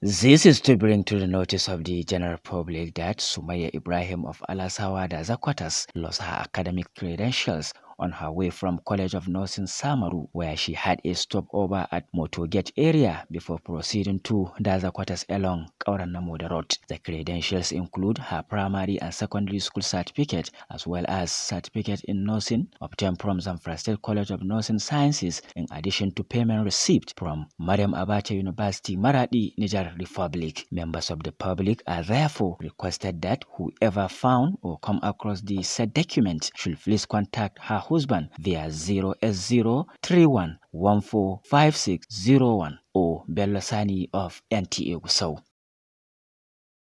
This is to bring to the notice of the general public that Sumaya Ibrahim of Alasawa Zakwatas lost her academic credentials on her way from College of Nursing Samaru, where she had a stopover at Motogate area before proceeding to Daza quarters along Motor Road. The credentials include her primary and secondary school certificate, as well as certificate in nursing obtained from Zamfara State College of Nursing Sciences, in addition to payment received from Mariam Abacha University, Maradi, Niger Republic. Members of the public are therefore requested that whoever found or come across the said document should please contact her husband via 0S031 145601 or Bello Sani of NTA Gusau.